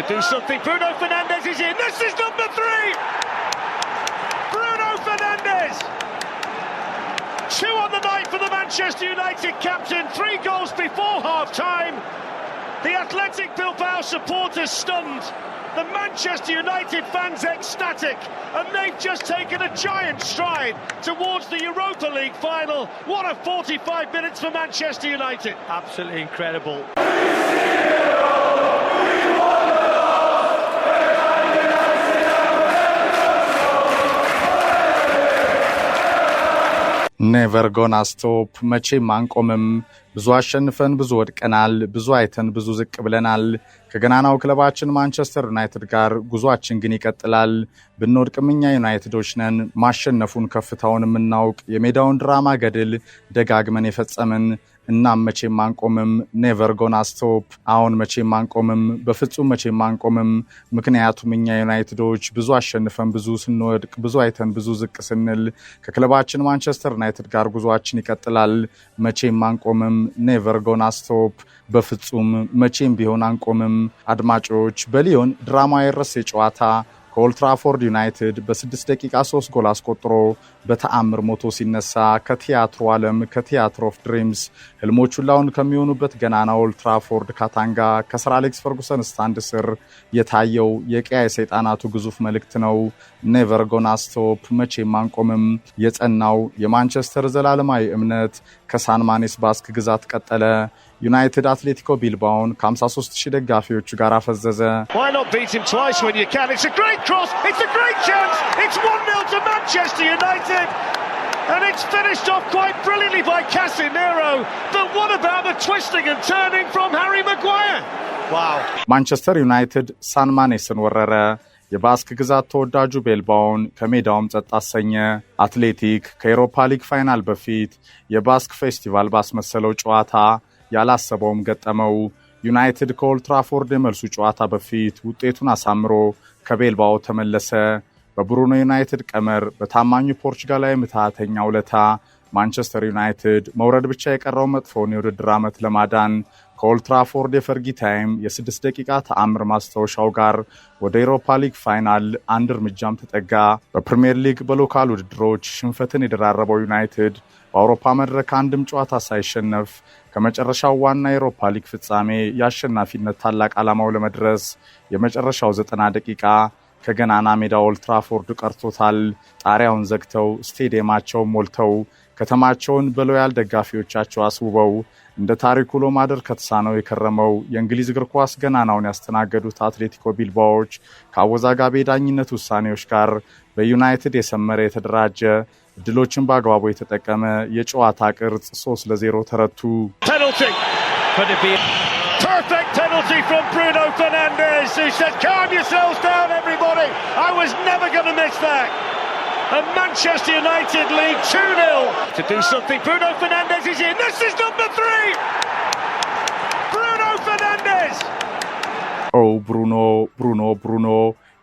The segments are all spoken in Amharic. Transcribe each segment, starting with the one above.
to do something. Bruno Fernandes is in. This is number three. Bruno Fernandes. Two on the night for the Manchester United captain. Three goals before half time. The Athletic Bilbao supporters stunned. The Manchester United fans ecstatic, and they've just taken a giant stride towards the Europa League final. What a 45 minutes for Manchester United! Absolutely incredible. ኔቨር ጎና ስቶፕ መቼም አንቆምም። ብዙ አሸንፈን ብዙ ወድቀናል፣ ብዙ አይተን ብዙ ዝቅ ብለናል። ከገናናው ክለባችን ማንቸስተር ዩናይትድ ጋር ጉዟችን ግን ይቀጥላል። ብንወድቅም እኛ ዩናይትዶች ነን ማሸነፉን ከፍታውን የምናውቅ የሜዳውን ድራማ ገድል ደጋግመን የፈጸምን እናም መቼ ማንቆምም ኔቨር ጎና ስቶፕ፣ አሁን መቼ ማንቆምም በፍጹም መቼ ማንቆምም ምክንያቱም እኛ ዩናይትዶች ብዙ አሸንፈን፣ ብዙ ስንወድቅ፣ ብዙ አይተን፣ ብዙ ዝቅ ስንል ከክለባችን ማንቸስተር ዩናይትድ ጋር ጉዞችን ይቀጥላል። መቼ ማንቆምም ኔቨር ጎና ስቶፕ፣ በፍጹም መቼም ቢሆን አንቆምም። አድማጮች በሊዮን ድራማ የረሴ ጨዋታ ከኦልትራፎርድ ዩናይትድ በ6 ደቂቃ 3 ጎል አስቆጥሮ በተአምር ሞቶ ሲነሳ ከቲያትሩ ዓለም ከቲያትር ኦፍ ድሪምስ ህልሞቹን ላውን ከሚሆኑበት ገናና ኦልትራፎርድ ካታንጋ ከሰር አሌክስ ፈርጉሰን ስታንድ ስር የታየው የቀያ የሰይጣናቱ ግዙፍ መልእክት ነው። ኔቨር ጎና ስቶፕ መቼም አንቆምም። የጸናው የማንቸስተር ዘላለማዊ እምነት ከሳንማኔስ ባስክ ግዛት ቀጠለ። ዩናይትድ አትሌቲኮ ቢልባውን ከ53 ሺህ ደጋፊዎቹ ጋር አፈዘዘ። ማንቸስተር ዩናይትድ ሳን ማኔስን ወረረ። የባስክ ግዛት ተወዳጁ ቤልባውን ከሜዳውም ጸጥ አሰኘ። አትሌቲክ ከኤሮፓ ሊግ ፋይናል በፊት የባስክ ፌስቲቫል ባስመሰለው ጨዋታ ያላሰበውም ገጠመው። ዩናይትድ ከኦልትራፎርድ የመልሱ ጨዋታ በፊት ውጤቱን አሳምሮ ከቤልባኦ ተመለሰ። በብሩኖ ዩናይትድ ቀመር በታማኙ ፖርቹጋላዊ ምትሃተኛ ውለታ ማንቸስተር ዩናይትድ መውረድ ብቻ የቀረው መጥፎውን የውድድር ዓመት ለማዳን ከኦልትራፎርድ የፈርጊ ታይም የስድስት ደቂቃ ተአምር ማስታወሻው ጋር ወደ ኤሮፓ ሊግ ፋይናል አንድ እርምጃም ተጠጋ። በፕሪምየር ሊግ በሎካል ውድድሮች ሽንፈትን የደራረበው ዩናይትድ በአውሮፓ መድረክ አንድም ጨዋታ ሳይሸነፍ ከመጨረሻው ዋና የአውሮፓ ሊግ ፍጻሜ የአሸናፊነት ታላቅ ዓላማው ለመድረስ የመጨረሻው ዘጠና ደቂቃ ከገናና ሜዳ ኦልትራፎርድ ቀርቶታል። ጣሪያውን ዘግተው ስቴዲየማቸውን ሞልተው ከተማቸውን በሎያል ደጋፊዎቻቸው አስውበው እንደ ታሪኩ ሎማደር ከተሳነው የከረመው የእንግሊዝ እግር ኳስ ገናናውን ያስተናገዱት አትሌቲኮ ቢልባዎች ከአወዛጋቢ የዳኝነት ውሳኔዎች ጋር በዩናይትድ የሰመረ የተደራጀ እድሎችን በአግባቡ የተጠቀመ የጨዋታ ቅርጽ 3 ለ0 ተረቱ። penalty. Could it be? Perfect penalty from Bruno Fernandes, who said, Calm yourselves down, everybody. I was never going to miss that. And Manchester United lead 2 0. To do something, Bruno Fernandes is in. This is number three. Bruno Fernandes. Oh, Bruno, Bruno, Bruno.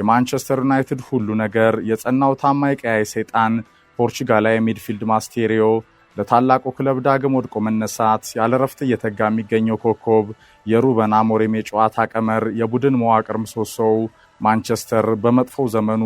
የማንቸስተር ዩናይትድ ሁሉ ነገር የጸናው ታማኝ ቀያይ ሰይጣን ፖርቹጋላዊ የሚድፊልድ ማስቴሪዮ ለታላቁ ክለብ ዳግም ወድቆ መነሳት ያለረፍት እየተጋ የሚገኘው ኮከብ የሩበን አሞሪም የጨዋታ ቀመር የቡድን መዋቅር ምሰሶው ማንቸስተር በመጥፎው ዘመኑ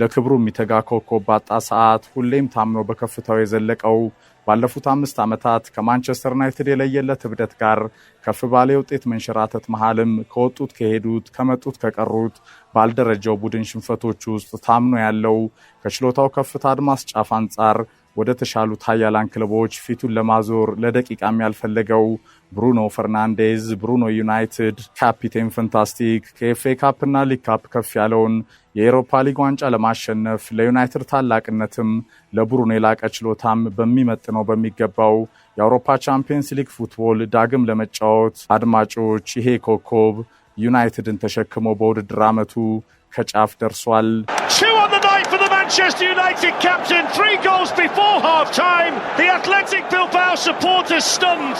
ለክብሩ የሚተጋ ኮከብ ባጣ ሰዓት ሁሌም ታምኖ በከፍታው የዘለቀው ባለፉት አምስት ዓመታት ከማንቸስተር ዩናይትድ የለየለት እብደት ጋር ከፍ ባለ የውጤት መንሸራተት መሃልም ከወጡት ከሄዱት ከመጡት ከቀሩት ባልደረጃው ቡድን ሽንፈቶች ውስጥ ታምኖ ያለው ከችሎታው ከፍታ አድማስ ጫፍ አንጻር ወደ ተሻሉ ታያላን ክለቦች ፊቱን ለማዞር ለደቂቃም ያልፈለገው ብሩኖ ፈርናንዴዝ ብሩኖ ዩናይትድ ካፒቴን ፈንታስቲክ ካፕ ካፕና ሊግ ካፕ ከፍ ያለውን የኤሮፓ ሊግ ዋንጫ ለማሸነፍ ለዩናይትድ ታላቅነትም ለብሩኖ የላቀ ችሎታም በሚመጥነው በሚገባው የአውሮፓ ቻምፒየንስ ሊግ ፉትቦል ዳግም ለመጫወት አድማጮች ይሄ ኮከብ ዩናይትድን ተሸክሞ በውድድር ዓመቱ ከጫፍ ደርሷል። Manchester United captain, three goals before half time. The Athletic Bilbao supporters stunned.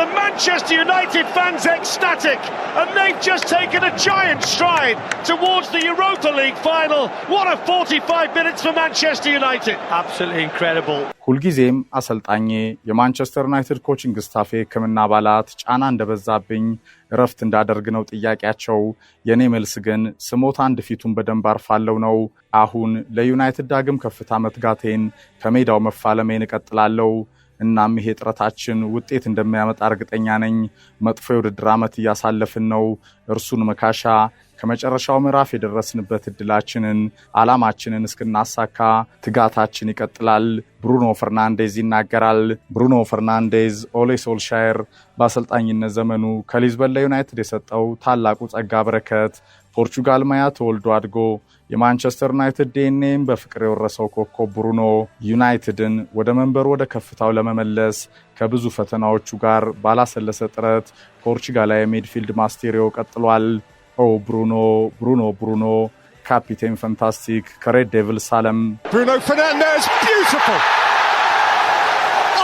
The Manchester United fans ecstatic, and they've just taken a giant stride towards the Europa League final. What a 45 minutes for Manchester United! Absolutely incredible. ሁልጊዜም አሰልጣኜ የማንቸስተር ዩናይትድ ኮችንግ ስታፌ ሕክምና አባላት ጫና እንደበዛብኝ እረፍት እንዳደርግ ነው ጥያቄያቸው። የእኔ መልስ ግን ስሞት አንድ ፊቱን በደንብ አርፋለው ነው። አሁን ለዩናይትድ ዳግም ከፍታ መትጋቴን ከሜዳው መፋለሜን እቀጥላለው። እናም ይሄ ጥረታችን ውጤት እንደሚያመጣ እርግጠኛ ነኝ። መጥፎ የውድድር ዓመት እያሳለፍን ነው። እርሱን መካሻ ከመጨረሻው ምዕራፍ የደረስንበት እድላችንን ዓላማችንን እስክናሳካ ትጋታችን ይቀጥላል። ብሩኖ ፈርናንዴዝ ይናገራል። ብሩኖ ፈርናንዴዝ ኦሌ ሶልሻየር በአሰልጣኝነት ዘመኑ ከሊዝበን ለዩናይትድ የሰጠው ታላቁ ጸጋ በረከት ፖርቹጋል ማያ ተወልዶ አድጎ የማንቸስተር ዩናይትድ ዲኤንኤም በፍቅር የወረሰው ኮከብ ብሩኖ ዩናይትድን ወደ መንበሩ ወደ ከፍታው ለመመለስ ከብዙ ፈተናዎቹ ጋር ባላሰለሰ ጥረት ፖርቹጋላዊ ሚድፊልድ ማስቴሪዮ ቀጥሏል። ኦ ብሩኖ ብሩኖ ብሩኖ ካፒቴን ፋንታስቲክ ከሬድ ዴቪልስ ሳለም ብሩኖ ፈርናንዴዝ ቢዩቲፉል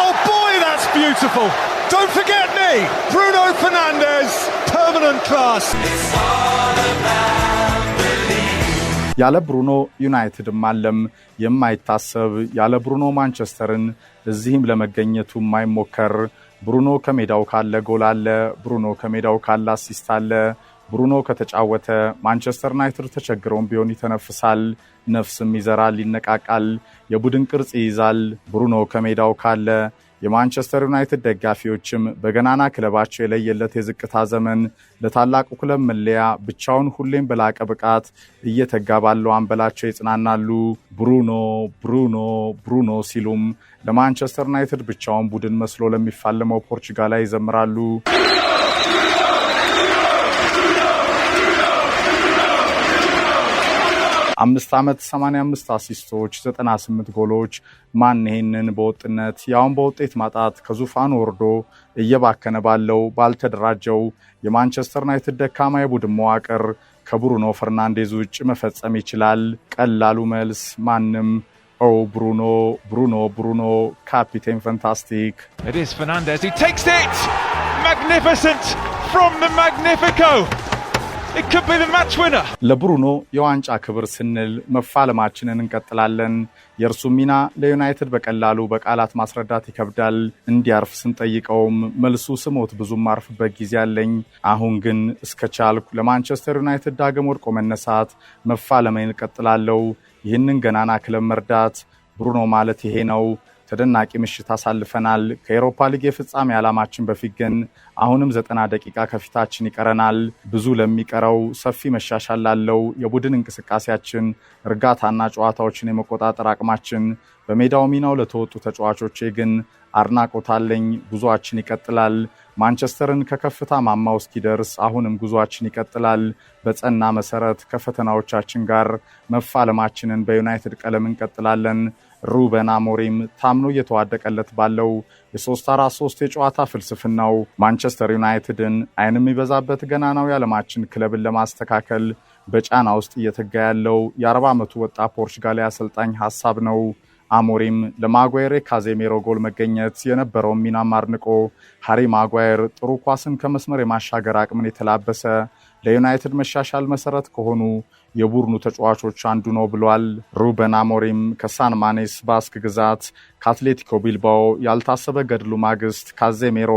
ኦ ቦይ ዳትስ ቢዩቲፉል ዶንት ፎርጌት ሚ ብሩኖ ፈርናንዴዝ ፐርማነንት ክላስ ያለ ብሩኖ ዩናይትድም አለም የማይታሰብ ያለ ብሩኖ ማንቸስተርን እዚህም ለመገኘቱ የማይሞከር ብሩኖ ከሜዳው ካለ ጎል አለ። ብሩኖ ከሜዳው ካለ አሲስት አለ። ብሩኖ ከተጫወተ ማንቸስተር ዩናይትድ ተቸግረውም ቢሆን ይተነፍሳል፣ ነፍስም ይዘራል፣ ይነቃቃል፣ የቡድን ቅርጽ ይይዛል። ብሩኖ ከሜዳው ካለ የማንቸስተር ዩናይትድ ደጋፊዎችም በገናና ክለባቸው የለየለት የዝቅታ ዘመን ለታላቁ ክለብ መለያ ብቻውን ሁሌም በላቀ ብቃት እየተጋ ባለው አንበላቸው ይጽናናሉ። ብሩኖ ብሩኖ ብሩኖ ሲሉም ለማንቸስተር ዩናይትድ ብቻውን ቡድን መስሎ ለሚፋለመው ፖርቹጋላ ይዘምራሉ። አምስት ዓመት 85 አሲስቶች፣ 98 ጎሎች። ማን ይሄንን በወጥነት ያውን በውጤት ማጣት ከዙፋኑ ወርዶ እየባከነ ባለው ባልተደራጀው የማንቸስተር ዩናይትድ ደካማ የቡድን መዋቅር ከብሩኖ ፈርናንዴዝ ውጭ መፈጸም ይችላል? ቀላሉ መልስ ማንም። ኦ ብሩኖ ብሩኖ ብሩኖ ካፒቴን ፋንታስቲክ ኢት ኢዝ ፈርናንዴዝ ሂ ቴክስ ኢት ማግኒፊሰንት ፍሮም ዘ ማግኒፊኮ ለብሩኖ የዋንጫ ክብር ስንል መፋለማችንን እንቀጥላለን። የእርሱ ሚና ለዩናይትድ በቀላሉ በቃላት ማስረዳት ይከብዳል። እንዲያርፍ ስንጠይቀውም መልሱ ስሞት ብዙም አርፍበት ጊዜ አለኝ፣ አሁን ግን እስከ ቻልኩ ለማንቸስተር ዩናይትድ ዳግም ወድቆ መነሳት መፋለመን እቀጥላለሁ። ይህንን ገናና ክለብ መርዳት ብሩኖ ማለት ይሄ ነው። ተደናቂ ምሽት አሳልፈናል። ከኤሮፓ ሊግ የፍጻሜ ዓላማችን በፊት ግን አሁንም ዘጠና ደቂቃ ከፊታችን ይቀረናል። ብዙ ለሚቀረው ሰፊ መሻሻል ላለው የቡድን እንቅስቃሴያችን እርጋታና ጨዋታዎችን የመቆጣጠር አቅማችን በሜዳው ሚናው ለተወጡ ተጫዋቾቼ ግን አድናቆት አለኝ። ጉዞአችን ይቀጥላል። ማንቸስተርን ከከፍታ ማማው እስኪደርስ አሁንም ጉዞአችን ይቀጥላል። በጸና መሰረት ከፈተናዎቻችን ጋር መፋለማችንን በዩናይትድ ቀለም እንቀጥላለን። ሩበን አሞሪም ታምኖ እየተዋደቀለት ባለው የ343 የጨዋታ ፍልስፍናው ማንቸስተር ዩናይትድን አይን የሚበዛበት ገናናው የዓለማችን ክለብን ለማስተካከል በጫና ውስጥ እየተጋ ያለው የ40 ዓመቱ ወጣት ፖርቹጋላዊ አሰልጣኝ ሀሳብ ነው። አሞሪም ለማጓየር የካዜሜሮ ጎል መገኘት የነበረውን ሚናም አድንቆ ሃሪ ማጓየር ጥሩ ኳስን ከመስመር የማሻገር አቅምን የተላበሰ ለዩናይትድ መሻሻል መሰረት ከሆኑ የቡድኑ ተጫዋቾች አንዱ ነው ብሏል። ሩበን አሞሪም ከሳን ማኔስ ባስክ ግዛት ከአትሌቲኮ ቢልባኦ ያልታሰበ ገድሉ ማግስት ካዜሜሮ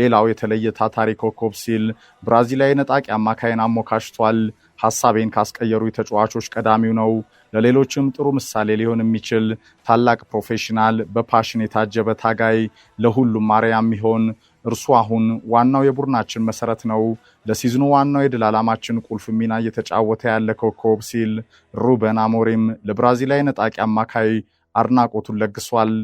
ሌላው የተለየ ታታሪ ኮከብ ሲል ብራዚላዊ ነጣቂ አማካይን አሞካሽቷል። ሀሳቤን ካስቀየሩ ተጫዋቾች ቀዳሚው ነው። ለሌሎችም ጥሩ ምሳሌ ሊሆን የሚችል ታላቅ ፕሮፌሽናል፣ በፓሽን የታጀበ ታጋይ፣ ለሁሉም ማርያ የሚሆን እርሱ አሁን ዋናው የቡድናችን መሰረት ነው። ለሲዝኑ ዋናው የድል ዓላማችን ቁልፍ ሚና እየተጫወተ ያለ ኮከብ ሲል ሩበን አሞሪም ለብራዚላዊ ነጣቂ አማካይ አድናቆቱን ለግሷል።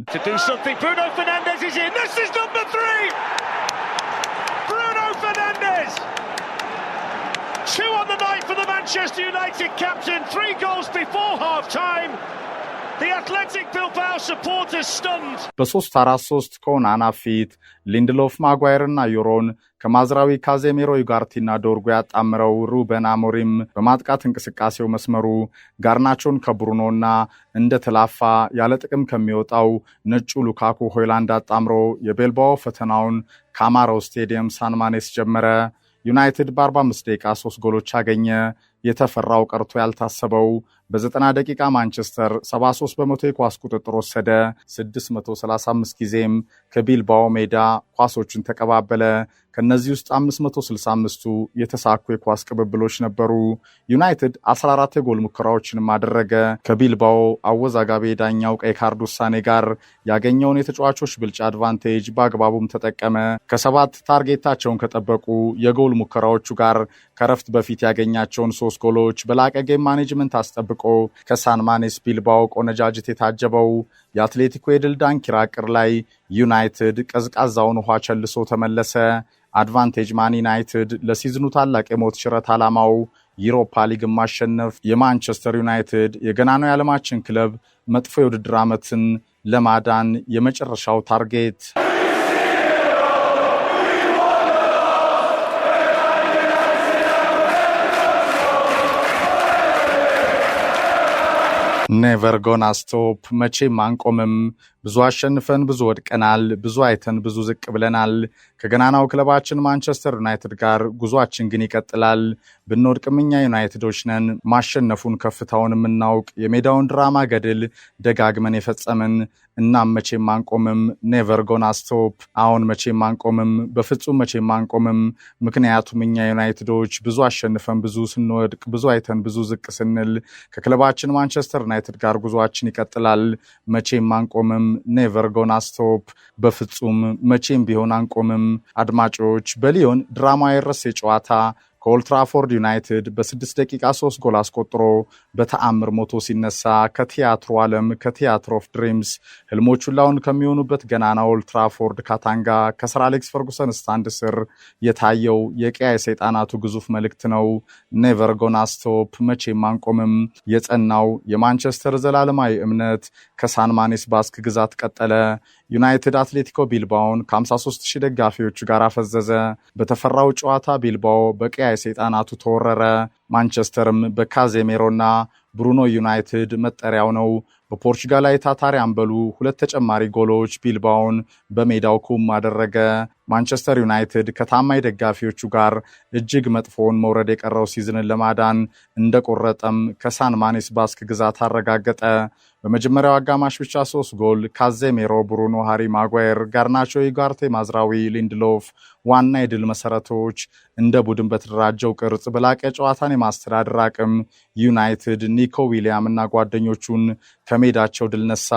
Manchester United captain three goals before half time. The Athletic Bilbao supporters stunned. በሶስት አራት ሶስት ከኦናና ፊት ሊንድሎፍ ማጓየርና ዩሮን ከማዝራዊ ካዜሜሮ ዩጋርቲና ዶርጎ ያጣምረው ሩበን አሞሪም በማጥቃት እንቅስቃሴው መስመሩ ጋርናቾን ከብሩኖና እንደተላፋ ያለ ጥቅም ከሚወጣው ነጩ ሉካኩ ሆይላንድ አጣምሮ የቤልባኦ ፈተናውን ከአማራው ስቴዲየም ሳንማኔስ ጀመረ። ዩናይትድ በ45 ደቂቃ ሶስት ጎሎች አገኘ። የተፈራው ቀርቶ ያልታሰበው በ90 ደቂቃ ማንቸስተር 73 በመቶ የኳስ ቁጥጥር ወሰደ። 635 ጊዜም ከቢልባኦ ሜዳ ኳሶቹን ተቀባበለ። ከነዚህ ውስጥ 565ቱ የተሳኩ የኳስ ቅብብሎች ነበሩ። ዩናይትድ 14 የጎል ሙከራዎችንም አደረገ። ከቢልባኦ አወዛጋቢ የዳኛው ቀይ ካርድ ውሳኔ ጋር ያገኘውን የተጫዋቾች ብልጫ አድቫንቴጅ በአግባቡም ተጠቀመ። ከሰባት ታርጌታቸውን ከጠበቁ የጎል ሙከራዎቹ ጋር ከረፍት በፊት ያገኛቸውን ሶስት ጎሎች በላቀ ጌም ማኔጅመንት አስጠብቆ ከሳን ቢልባው ቆነጃጅት የታጀበው የአትሌቲኮ የድል ዳንኪራ ቅር ላይ ዩናይትድ ቀዝቃዛውን ውሃ ቸልሶ ተመለሰ። አድቫንቴጅ ማን ዩናይትድ ለሲዝኑ ታላቅ የሞት ሽረት ዓላማው ዩሮፓ ሊግን ማሸነፍ የማንቸስተር ዩናይትድ ነው የዓለማችን ክለብ መጥፎ የውድድር ዓመትን ለማዳን የመጨረሻው ታርጌት ኔቨር ጎና ስቶፕ መቼም አንቆምም። ብዙ አሸንፈን ብዙ ወድቀናል፣ ብዙ አይተን ብዙ ዝቅ ብለናል። ከገናናው ክለባችን ማንቸስተር ዩናይትድ ጋር ጉዟችን ግን ይቀጥላል። ብንወድቅም እኛ ዩናይትዶች ነን ማሸነፉን ከፍታውን የምናውቅ የሜዳውን ድራማ ገድል ደጋግመን የፈጸምን እናም መቼ ማንቆምም ኔቨር ጎና ስቶፕ፣ አሁን መቼ ማንቆምም በፍጹም መቼ ማንቆምም ምክንያቱም እኛ ዩናይትዶች ብዙ አሸንፈን፣ ብዙ ስንወድቅ፣ ብዙ አይተን፣ ብዙ ዝቅ ስንል ከክለባችን ማንቸስተር ዩናይትድ ጋር ጉዟችን ይቀጥላል። መቼም ማንቆምም ኔቨር ጎና ስቶፕ፣ በፍጹም መቼም ቢሆን አንቆምም። አድማጮች በሊዮን ድራማ የረሴ ጨዋታ ከኦልትራፎርድ ዩናይትድ በስድስት ደቂቃ ሶስት ጎል አስቆጥሮ በተአምር ሞቶ ሲነሳ ከቲያትሮ ዓለም ከቲያትር ኦፍ ድሪምስ ህልሞቹን ሁላውን ከሚሆኑበት ገናና ኦልትራፎርድ ካታንጋ ከሰር አሌክስ ፈርጉሰን ስታንድ ስር የታየው የቀያ የሰይጣናቱ ግዙፍ መልእክት ነው። ኔቨር ጎና ስቶፕ መቼም አንቆምም። የጸናው የማንቸስተር ዘላለማዊ እምነት ከሳንማኔስ ባስክ ግዛት ቀጠለ። ዩናይትድ አትሌቲኮ ቢልባውን ከ53 ሺህ ደጋፊዎቹ ጋር አፈዘዘ። በተፈራው ጨዋታ ቢልባኦ በቀያይ ሰይጣናቱ ተወረረ። ማንቸስተርም በካዜሜሮና ብሩኖ ዩናይትድ መጠሪያው ነው። በፖርቹጋላዊ ታታሪ አምበሉ ሁለት ተጨማሪ ጎሎች ቢልባውን በሜዳው ኩም አደረገ። ማንቸስተር ዩናይትድ ከታማኝ ደጋፊዎቹ ጋር እጅግ መጥፎውን መውረድ የቀረው ሲዝንን ለማዳን እንደቆረጠም ከሳን ማኔስ ባስክ ግዛት አረጋገጠ። በመጀመሪያው አጋማሽ ብቻ ሶስት ጎል ካዜሜሮ፣ ብሩኖ፣ ሃሪ ማጓየር፣ ጋርናቾ፣ ኢጋርቴ፣ ማዝራዊ፣ ሊንድሎፍ ዋና የድል መሰረቶች እንደ ቡድን በተደራጀው ቅርጽ በላቀ ጨዋታን የማስተዳደር አቅም ዩናይትድ ኒኮ ዊሊያም እና ጓደኞቹን ከሜዳቸው ድል ነሳ።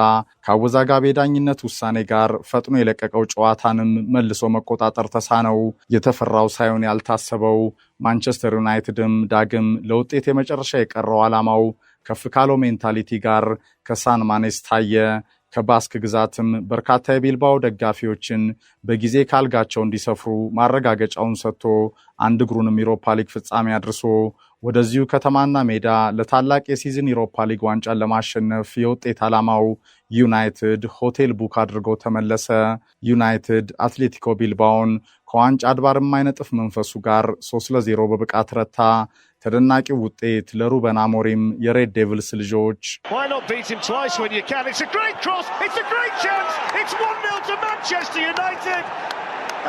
ከአወዛጋቢ የዳኝነት ውሳኔ ጋር ፈጥኖ የለቀቀው ጨዋታንም መልሶ መቆጣጠር ተሳነው። የተፈራው ሳይሆን ያልታሰበው ማንቸስተር ዩናይትድም ዳግም ለውጤት የመጨረሻ የቀረው ዓላማው ከፍካሎ ሜንታሊቲ ጋር ከሳን ማኔስ ታየ ከባስክ ግዛትም በርካታ የቢልባው ደጋፊዎችን በጊዜ ካልጋቸው እንዲሰፍሩ ማረጋገጫውን ሰጥቶ አንድ እግሩንም ዩሮፓ ሊግ ፍጻሜ አድርሶ ወደዚሁ ከተማና ሜዳ ለታላቅ የሲዝን ዩሮፓ ሊግ ዋንጫን ለማሸነፍ የውጤት ዓላማው ዩናይትድ ሆቴል ቡክ አድርጎ ተመለሰ። ዩናይትድ አትሌቲኮ ቢልባውን ከዋንጫ አድባር የማይነጥፍ መንፈሱ ጋር ለ0 በብቃት ረታ። chance. ውጤት ለሩበን አሞሪም የሬድ Manchester ልጆች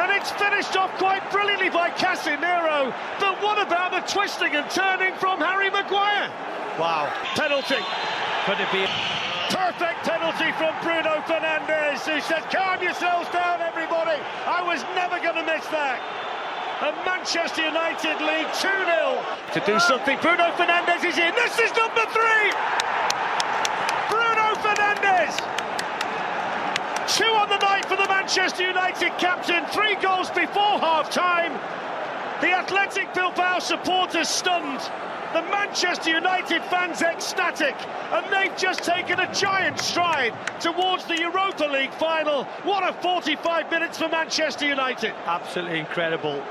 And it's finished off quite brilliantly by Casemiro. But what about the twisting and turning from Harry Maguire? Wow. Penalty. Could it be? Perfect penalty from Bruno Fernandes, who said, Calm yourselves down, everybody. I was never going to miss that and Manchester United lead 2 0. To do something, Bruno Fernandes is in. This is number three! Bruno Fernandes! Two on the night for the Manchester United captain, three goals before half time. The Athletic Bilbao supporters stunned. The Manchester United fans ecstatic, and they've just taken a giant stride towards the Europa League final. What a 45 minutes for Manchester United! Absolutely incredible.